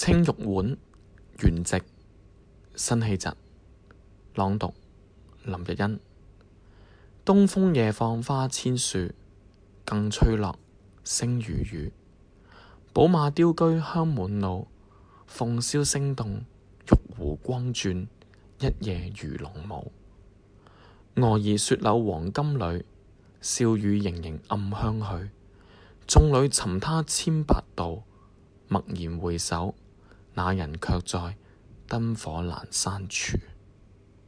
青玉案，元夕，辛棄疾。朗讀林日欣。東風夜放花千樹，更吹落，星如雨。寶馬雕車香滿路，鳳簫聲動，玉壺光轉，一夜魚龍舞。蛾兒雪柳黃金縷，笑語盈盈暗香去。眾裏尋他千百度，驀然回首。那人卻在燈火闌珊處。